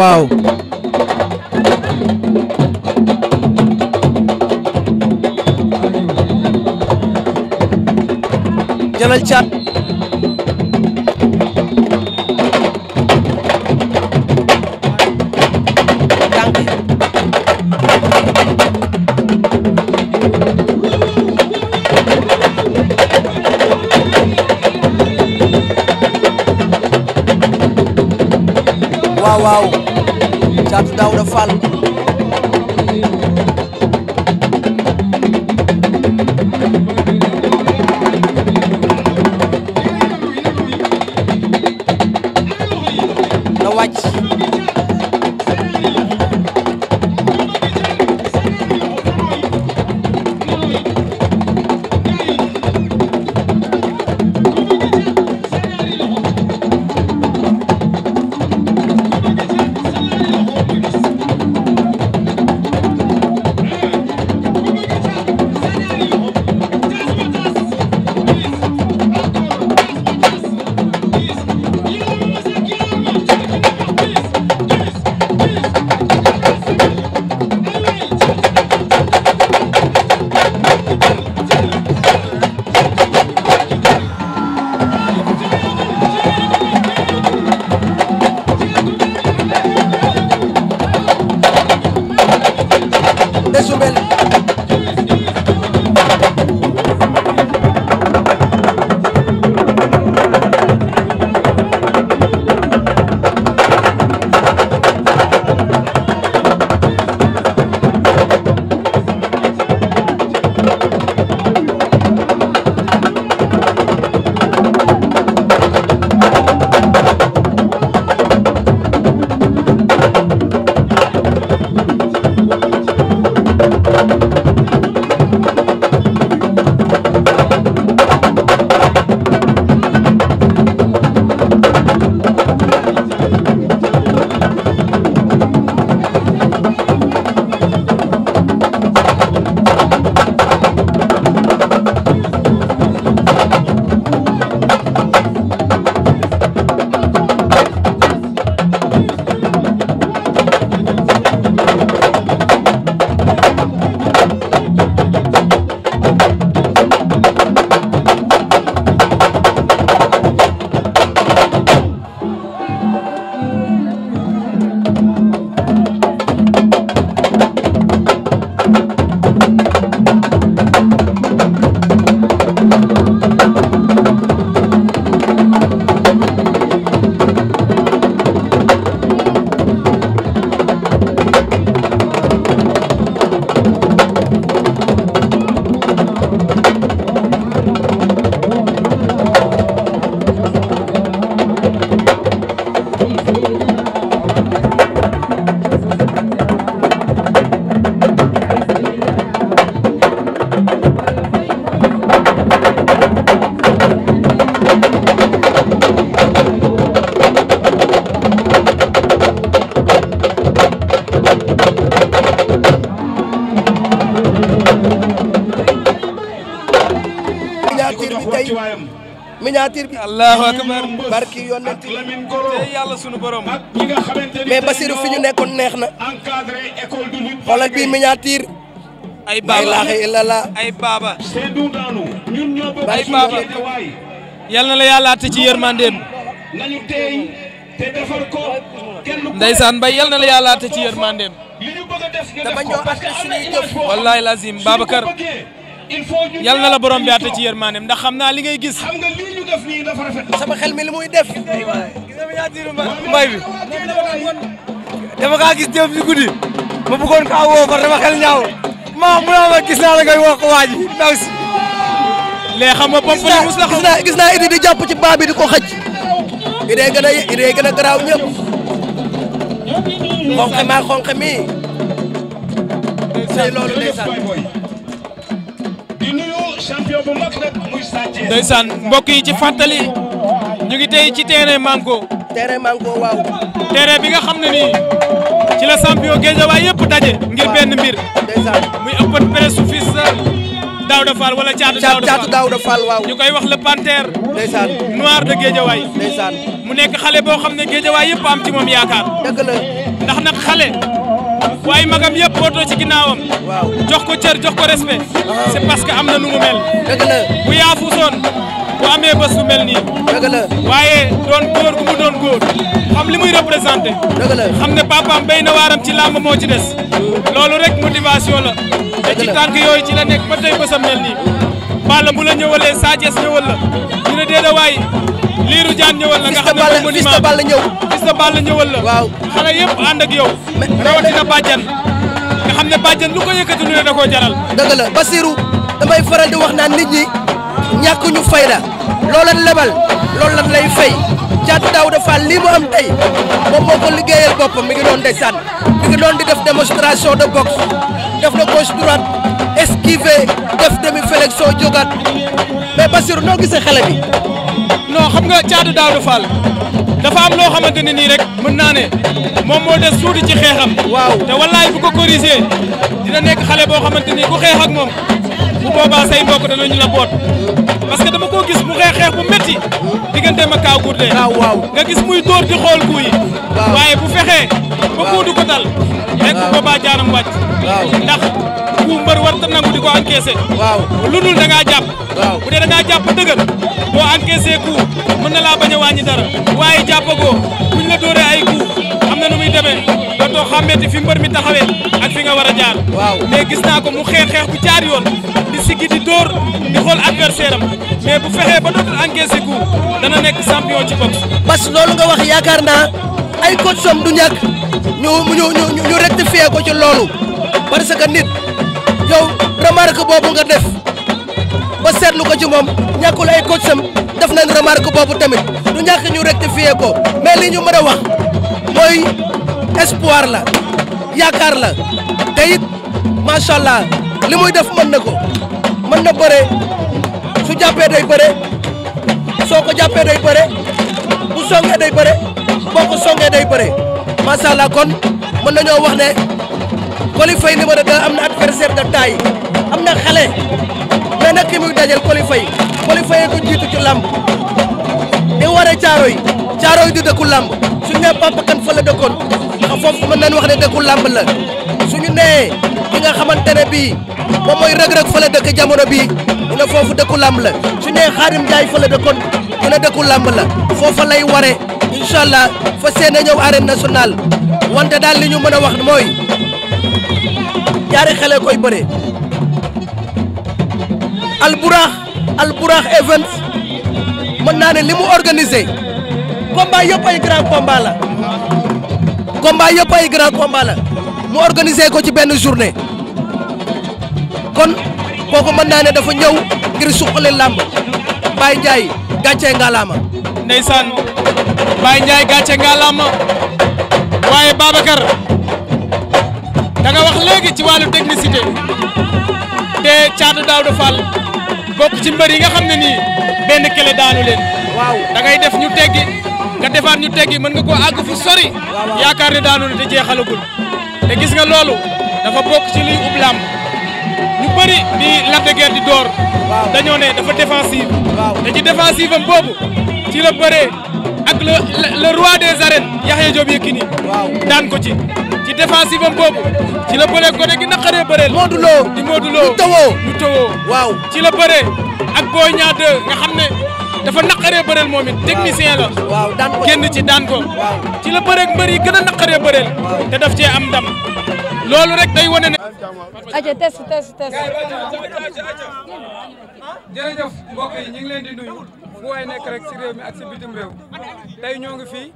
waaw jalal caat tànk waaw waaw Abdou Daouda Fall allahu akbar barki yonent te yàlla sunu borom. mais Basirou fi ñu nekkoon neex na. xoolal bii miniature. ay baaba la ilaha illallah ay na la yàlla àtte ci yërmandeem. Ndeysaan Mbaye yal na la yàlla àtte ci yërmandeem. te bañ ñoo àtte suñuy jëf. wallaahi lazim Babacar yal na la borom bi àtte ci yërmandeem ndax li ngay gis. def nii dafa rafet. sama xel mi li muy def. gis nga ñaatiiru mbay bi. dama kaa gis jëm si guddi. ma bëggoon kaa woo ko dama xel ñaaw. ma mu ne ma gis naa la ngay wax ko waa ji ndaw si. léegi xam nga pompe li mus la gis naa gis naa Idy di jàpp ci baa bi di ko xëj. Idy gën a Idy gën a garaaw ñëpp. xonq maa xonq mi. tey loolu ndeysaan. champion bu mag mbokk yi ci fàttali ñu ngi tey ci terrain Manko. terrain Manko waaw. terrain bi nga xam ne nii ci la champion Guédiawaye yëpp daje. ngir benn mbir. ndeysaan muy open press su fils euh, Daouda Fall wala Thiatou Daouda Fall koy wax le panthère. ndeysaan noir de mu nekk xale boo xam ne Guédiawaye yëpp am ci moom ndax nag xale. waaye magam yëpp bootoo ci ginnaawam. waaw jox ko cër jox ko respect. waaw ah. c'est parce que am na nu mu mel. dëgg la bu yaafuusoon bu amee bés bu mel nii. waaye doon góor gu mu doon góor xam li muy représenté. dëgg la xam ne papaam béy na waaram ci làmb moo ci des. loolu rek motivation la. te ci tànk yooyu ci la nekk ba tey bésam mel nii. Balla bu la ñëwalee Sa Thiès ñëwal la ñu ne déedéewaay. liiru jaan ñëwal la nga xam ne moom Fils de Balla ñëw Fils de Balla la waaw xale yëpp ànd ak nga xam ne bàjjan lu ko yëkkati ne da koo jaral dëgg la Basirou damay faral di wax naan nit ñi ñàkk ñu fayda loolan lebal loolu lan lay fay Thiatou Daouda Fall lii mu am tey moom moo ko liggéeyal boppam mi ngi doon ndeysaan doon di def démonstration de boxe def na gauche droite esquiver def demi flexion jógaat mais Bassirou noo gisee xale bi. non xam nga Thiatou Daouda Fall dafa am loo xamante ne nii rek mën naa ne moom moo de tuuti ci xeexam. waaw te wallaay bu ko corriger dina nekk xale boo xamante ni ku xeex ak moom bu boobaa say mbokk danañu la boot. parce que dama koo gis mu xeex xeex bu métti diggante ma Kaw Gourdin waaw nga gis muy dóor di xool kuy waaye bu fexee ba kuudu ko dal rek boobaa jaanam wàcc ndax ku mbër war ta di ko encaissé waaw lu dul da jàpp bu dee da ngaa jàpp dëgër boo encaissé ku mën na laa bañ a wàññi dara waaye jàppagoo buñ la dóoree ay ku am na nu muy demee dootoo xàmmeeti fi mbër mi taxawee ak fi nga war a jaar mais gis naa ko mu xeex xeex bu jaar yoon di siggi mais bu fexee ba dootul encaissé dana nekk champion ci boxe. parce que loolu nga wax yaakaar naa ay coach du ñàkk ñu ñu ñu ñu rectifier ko ci loolu parce que nit yow remarque boobu nga def ba seetlu ko ci moom ñàkkul ay coach sam def nañ remarque boobu tamit du ñàkk ñu rectifier ko mais li ñu mën a wax mooy espoir la yaakaar la te it macha allah li muy def mën na ko mën na bëre. jàppee day bëre soo ko jàppee day bëre bu songee day bëre boo ko songee day bëre macha allah kon mën nañoo wax ne Coly Faye numéro am na adversaire de taille am na xale mais nag ki muy dajal Coly jiitu ci làmb di waree caaro yi caaro yi di dëkku làmb su ñu nee Papa Kane fa la dëkkoon foofu mën nañu wax ne dëkku làmb la su ñu nee ki nga xamante ne bii. moom mooy rëg fa la dëkk jamono bii ñu ne foofu dëkku làmb la su ne Xaadim Njaay fa la dëkkoon ñu ne dëkku làmb la foofa lay ware incha fa seen a ñëw arène nationale wante daal li ñu mën a wax mooy ñaari xale koy bëre alburax alburax events mën naa ne li mu organisé combat yëpp ay grand combat la combat yëpp ay grand combat la mu organisé ko ci benn journée kon kooku mën naa ne dafa ñëw ngir suqali làmb Baye Ndiaye gàcce ngalaama. ndeysaan Baye Ndiaye gàcce ngalaama waaye Babacar da nga wax léegi ci wàllu technicité te Thiatou Daouda Fall bokk ci mbër yi nga xam ne nii benn kële daanu leen. waaw da def ñu teggi nga defaat ñu teggi mën nga ko àgg fu sori. yaakaar ne daanu ne te jeexalagul te gis nga loolu dafa bokk ci liy ub ñu bëri ni Lac de Guiers di door. dañoo ne dafa défensive. te ci défensive am boobu ci la bëree ak le le roi des arènes Yaxya Diop Yékini. daan ko ci ci défensive am boobu ci la bëree ko gi naqaree bëreel. Modou Lo di Modou Lo ñu ci la bëree ak Boy ñaat 2 nga xam ne. dafa naqaree bëreel moom it technicien la. waaw génn ci daan ko. ci la bëreeg mbër yi gën a naqaree bëreel. te daf cee am ndam. loolu rek day wane ne. aja test test test. jërëjëf mbokk yi ñu ngi leen di nuyu fu waay nekk rek si réew mi ak si bitim réew tey ñoo ngi fii.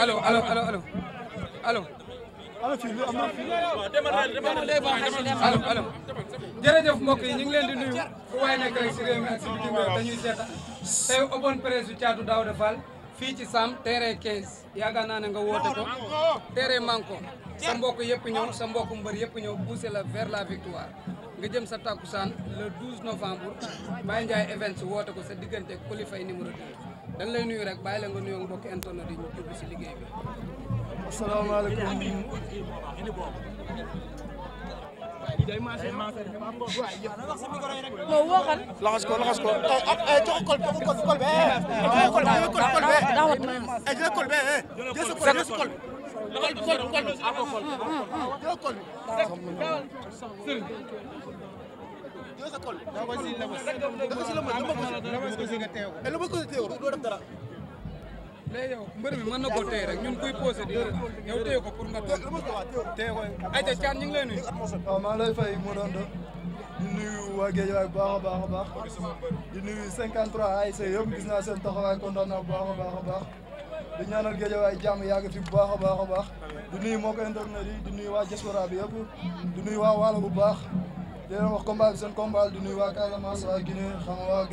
allo allo allo allo allo. allo allo. jërëjëf mbokk yi ñu ngi leen di nuyu fu waay nekk rek si réew mi ak si bitim réew dañuy seeta tey open presse yu Thiatou Daouda Fall. fii ci Sam terrain 15 yaakaar naa ne nga woote ko terrain manko sa mbokk yëpp ñëw sa mbokk mbër yëpp ñëw pousser la vers la victoire nga jëm sa takkusaan le 12 novembre Baye Ndiaye Events woote ko sa diggante qualifié numéro 2 dañ lay nuyu rek baa la nga nuyoo mbokk internet yi ñu jublu si liggéey bi. asalaamaaleykum. moo waxal. laxas ko laxas ko ay ay jox ko jox ko kol bee. waaw waaw waaw daaw a tënk. jël kol bee jël kol jël kol. kol kol kol jël kol. jël sa kol. da ko si la mos da ko si la mos da ko si la mos da ko si la teew. da ko si la teew doo def dara. mais yow mbër mi mën na ko téye rek ñun kuy posé di yow téye ko pour nga toog téye ko ayca Thiam ñu ngi lay nuyu. waaw fay mu doon doon di nuyu waa baax a baax a baax di nuyu 53 ASC yëpp gis naa seen taxawaay kontaan naa bu baax a baax a baax di ñaanal waay jàmm yàgg bu baax a baax a baax di nuyu mbokk internet yi di nuyu wa diaspora bi yëpp di nuyu waa Waalo bu baax di leen wax combat bi seen combat di nuyu waa Casamance wa Guinée xam nga waa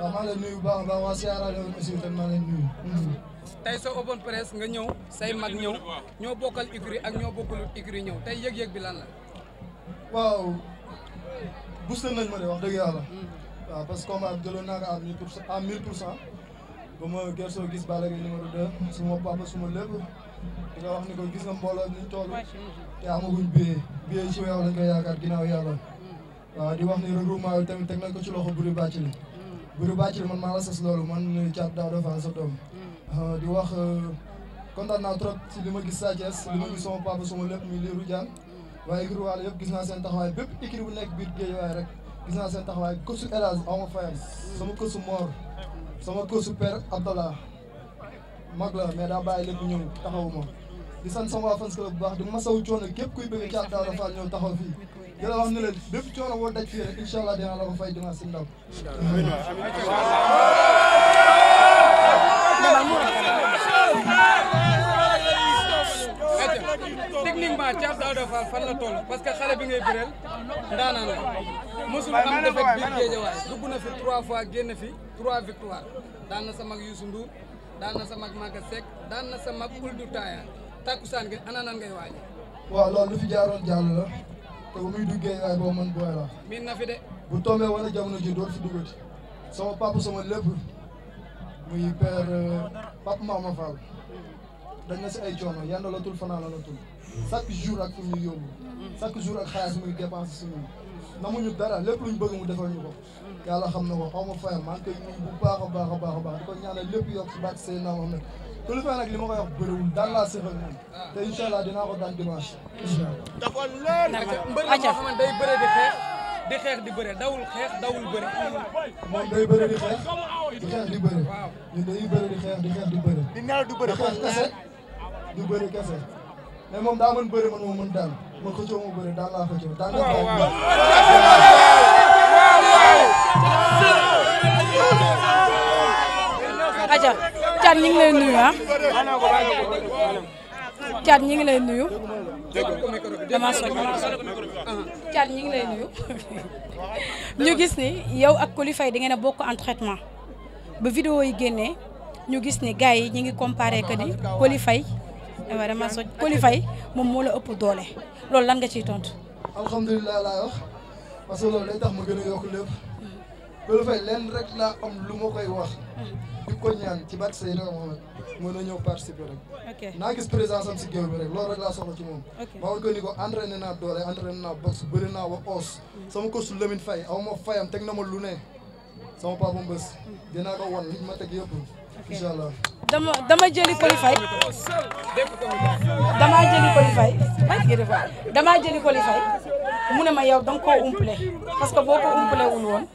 waaw maa ngi nuyu bu baax a baax waa Sierra Leone aussi tamit maa ngi lay nuyu. Hmm. tey sa open press nga ñëw say mag ñëw ñoo bokkal écurie ak ñoo bokkul écurie ñëw tay yëg-yëg bi lan la. waaw booster nañ ma de wax dëgg yàlla. Hmm. waaw parce que combat bi jëloon naa mille pour cent à mille pour cent ba ma gersoo gis Balla ma numéro 2 suma papa suma lépp di nga wax ni ko gis nga mbooloo ni toll te amaguñ billet billet ci weew lañ koy yaakaar ginnaaw yàlla hmm. waaw di wax ni regroupement yi tamit teg nañ ko ci biru bàccil man maa la sas loolu man Thiatou Daouda Fall sa doom hmm. euh, di wax euh, kontaan naa trop si li ma gis Sa Thiès li ma gis sama papa sama lépp muy Lirou Diane hmm. waaye ngir waale yëpp gis naa seen taxawaay bépp équipe bu nekk bi géej waaye rek gis naa seen taxawaay kësu El Hadj ma fayam hmm. sama kësu Mor sama kësu Père Abdallah mag la mais daa bàyyi lépp ñëw taxawu ma di sant sama waa fans club bu baax di masaw coono képp kuy bëgg Thiatou Daouda Fall ñëw taxaw fii di la ne leen bépp coono woo daj fii rek incha allah la ko fay dinaa si ndaw. techniquement Thiatou Daouda Fall fan la toll parce que xale bi ngay bëreel ndaanaan la mosul am defet biir géejawaay dugg na fi trois fois génn fi trois victoire daan na sa mag Youssou Ndour daan sa mag Maga Seck daan na sa mag Ould Taya takkusaan gi ana ngay waaj waaw loolu lu jaaroon jàll la te bu muy duggee yaay boo man booy la miin na fi de bu tombee wala jamono ji doo fi duggati sama papa sama lépp muy père euh, Pape ma Fall dañ na si ay coono yàlla la tul fanaan a la tul chaque jour ak fu ñuy yóbbu chaque jour ak xaalis muy dépense si ñun namuñu dara lépp luñ bëgg mu defal ñu ko yàlla xam na ko xaw ma fayam maa ngi koy bu baax a baax a baax a baax di ko lépp yokk si baat seen naa Mohamed Coulibay nag li ma koy wax bëriwul daan laa sëfal moom te incha allah dinaa ko daan dimanche. incha allah dafa leer mbër la moo xamante day bëre di xeex di xeex di bëre dawul xeex dawul bëre. moom day bëre di xeex di xeex di bëre. ñun dañuy bëre di xeex di xeex di bëre. di nelaw du bëre xeex kese du bëre kese mais moom daa mën bëre man moo mën daan man xëccoo ma bëre daan laa xëccoo daan laa waaw waaw Thiat ñi ngi lay nuyu ah. Thiat ñu ngi lay nuyu. dama soog Thiat ñu ngi lay nuyu. <laughs> ñu gis ni yow ak Coly Faye di ngeen a bokk entraînement ba vidéo yi génnee ñu gis ni gars yi ñu ngi comparé que ni Coly Faye waaw eh dama soog Coly moom moo la ëpp doole loolu lan nga ciy tontu. alhamdulilah laa wax parce Coly leen rek laa am lu ma koy wax hmm. di ko ñaan ci bat say danga Mohamed mën ñëw participer rek naa gis présence am si géew bi rek loolu rek laa soxla ci moom ma wax ko ni ko entraîné naa doole entraîné naa boxe bëri naa wa hmm. sama ko su Lamine Faye aw ma fayam teg na ma lu ne sama papa mbës hmm. dinaa ko won liñ ma teg yëpp incha allah dama dama jëli Coly Faye dama jëli Coly Faye dama jëli Coly Faye mu ne ma yow danga koo umpale parce boo ko umpale wul woon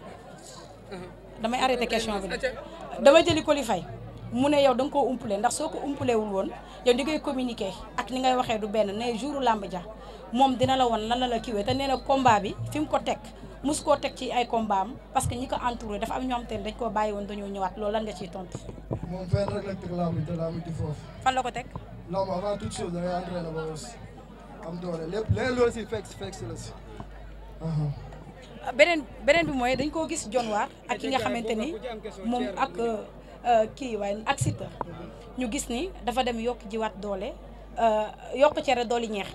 damay arrêté question bi damay jëli Coly Faye mu ne yow da nga koo umpale ndax soo ko umpalewul woon yow di ngay communiquer ak ni ngay waxee du benn ne jouru làmb ja moom dina la woon lan na la kiwee te nee na combat bi fi mu ko teg su koo teg ci ay combat am parce que ñi ko entouré dafa am ñoo xam te dañ koo bàyyi woon dañoo ñëwaat loolu lan nga ciy tontu. moom fenn rek foofu. fan la ko teg. làmb avant toute chose da ngay entraîné ba am doole lépp léeg-léeg loo si fekk si si la beneen beneen bi mooy dañ koo gis John Waar ak ki nga xamante ni moom ak euh, kii waaye ak Siteu ñu gis ni dafa dem yokk jiwaat doole euh, yokk cere dooli ñeex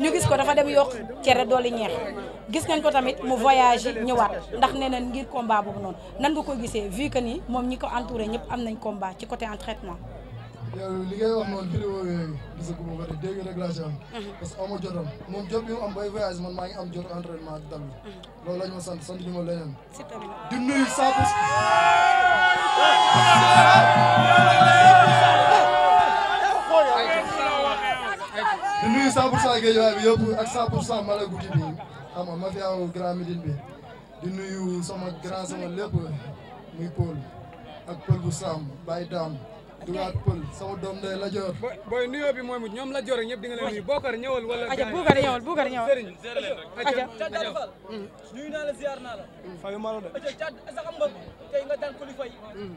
ñu gis ko dafa dem yokk cere dooli ñeex gis nañ ko tamit mu voyage ñëwaat ndax nee na ngir combat boobu noonu nan nga ko gisee vu que ni moom ñi ko entouré ñëpp am nañ combat ci côté entraînement yow li ngay wax noonu vidéo dégg rek laa ci am parce que moom jot bi am bay voyage man maa ngi am jot entraînement ak dal mhm. loolu lañ ma sant sant ñu ma leneen di nuyu sapos di nuyu 100 bi yëpp ak 100 pour cent Mala Goutti bi ma fi aw Grand Médine bi di nuyu sama grand sama lépp muy Paul ak Paul bu Sam Baye Dulaat Pël sama doom day la joor. booy nuyoo bi mooy mu ñoom la joor ak ñëpp di nga leen nuyu bookar ñëwal wala. aja bookar hmm. la ziar naa la. fayu maa la de. Hmm.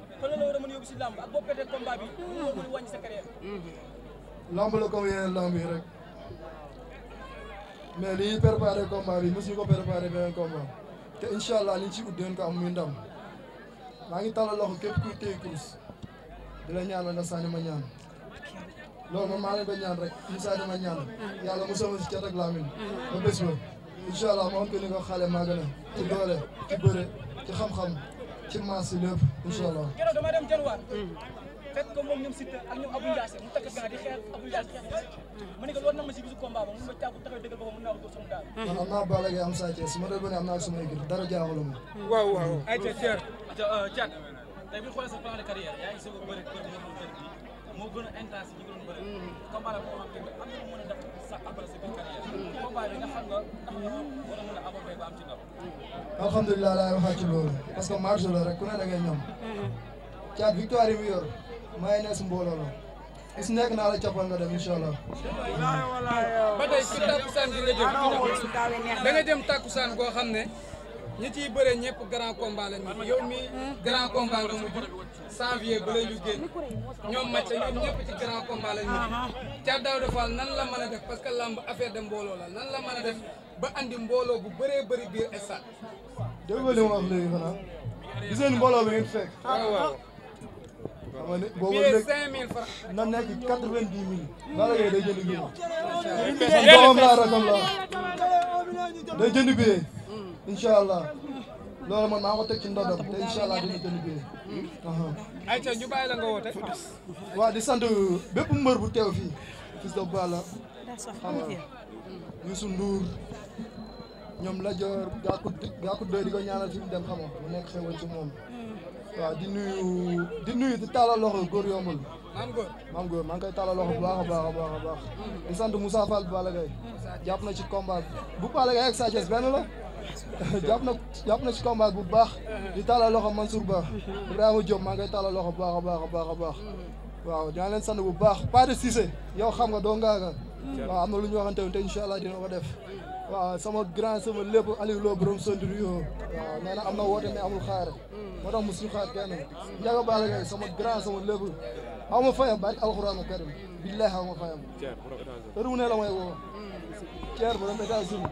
a mën mu lamb hmm. la comme lamb yi rek mais li ñuy préparé ko préparé beneen combat te incha allah li ñu ci ut ko am maa ngi tàllal loxo képp kuy téye di la ñaanal na Sadio ma ñaan loolu man maa leen ñaan rek ñu Sadio ma ñaan yàlla mu ma xam a ci doole ci bëre mu takk ma ne ma si bisu am naa Balla Sa Thiès su ma doon ba ne am naa ak sama dara jaaxaluma. waaw tey bi xoolee sa plan loolu parce que marche la rek ku ne da ñam mm-hmm. caat victoire yi mu may nees mbooloo la is nekk naa dem incha allah. ba tey ci takkusaan gi nga jëm da nga jëm ne ñi bëree ñëpp grand combat la ñu yow mi grand combat nga mujj la ñu ca Daouda Fall nan la mën a def parce que lamb affaire de mbooloo la nan la man a def ba andi mbooloo bu bëree bëri biir stade. dégg nga li ma wax léegi xanaa gis ngeen mbooloo bi ngeen fekk. waaw waaw. xam nga ne boobu cinq mille francs na nekk quatre vingt dix mille. bala yooyu day jënd billet. day jënd billet. Hmm. incha allah loolu man maa ko teg ci ndodom te incha allah dina jënd biir. ayca ñu bàyyi di sant bépp mbër bu teew fii fils de Balla xam nga Youssou ñoom la joor gaa ko gaa ko doy fi mu dem xam mu nekk xewal ci moom. Hmm. waaw di nuyu di nuyu di tàllal loxo góor yombul. maam góor maam góor maa ngi koy tàllal loxo bu baax a baax a baax a hmm. di sant Moussa Fall Balla Gaye hmm. na ci combat bu Balla Gaye ak Sa Thiès la. jàpp na jàpp na ci combat bu baax di tàllal loxo Mansour Ba Ibrahima Diop maa ngay tàllal loxo baax a baax a baax a baax waaw dinaa leen sant bu baax Pathé Cissé yow xam nga doo ngaaga waaw am na lu ñuy ñu waxante te incha allah dina ko def waaw sama grand sama lépp Aliou Lo borom sentir yoo waaw nee na am na woote ne amul xaar moo tax mosuñu xaar kenn njaga baala ngay sama grand sama lépp aw a fayam barke alxuraan karim billahi aw a fayam heure bu Pierre borom États-Unis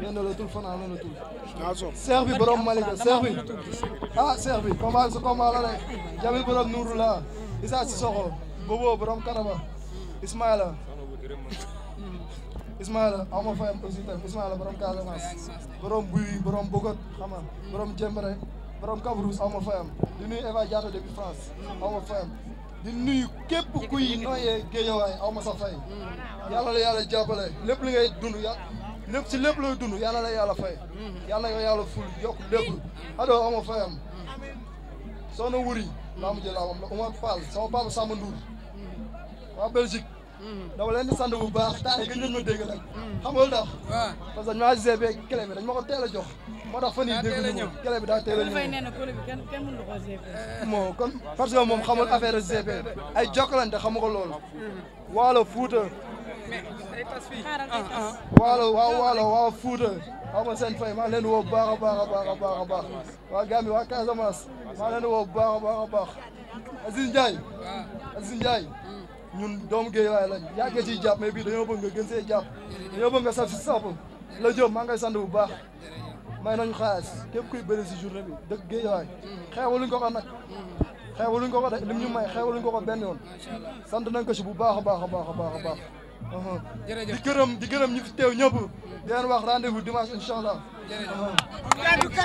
une a lotul fan a lotul seex bi Malika seex bi ah seex bi combat Jamil borom Nourou la Issa Sissoko Bobo borom Karaba Ismaïla hmm. Ismaïla ama Bogot xam nga borom Jembere borom Kabrousse ama fayam di nuyu Eva Diatta depuis France ama fayam di nuyu képp kuy noyyee waay aw ma sa fay yàlla la yàlla jàppale lépp li ngay dund ya lépp si lépp lay dund yàlla la yàlla fay yàlla nga yàlla ful yokk lépp adoo ama fayam soxna wuri laa mujjë laa moom la Oumar Fall sama papa Samba Ndour waa Belgique dama leen di sant bu baax taay gën leen ma dégg nag xam nga lu tax parce que dañ maa gisee bee clé bi dañ ko teel jox moo tax fan yii dégg bi daa a ñëw dafay nee na kóol bi moo kon parce que moom xamul affaire GP ay jokkalante xamu ko lool waalo Fuuta. Ah, ah. waalo waaw waalo waaw Fuuta. xaw ma seen fay maa leen woo baax a baax a baax a baax a baax waa Gambie waa Casamance maa leen woo bu baax a baax a baax. Aziz Ndiaye. Aziz Ndiaye. ñun doomu géej waay lañ yàggee ciy jàpp mais bii dañoo bëgg nga gën see jàpp dañoo bëgg nga saf si sàpp la ma maa ngay bu baax. may nañu xaalis képp kuy bëri si journée bi dëkk Géejawaay xeewaluñ ko ko nag xeewaluñ ko ko de lim ñu may xeewaluñ ko ko benn yoon sant nañ ko si bu baax a baax a baax a baax a baax uh-huh. jërëjëf di gërëm di gërëm ñu fi teew ñëpp di leen wax rendez-vous dimanche incha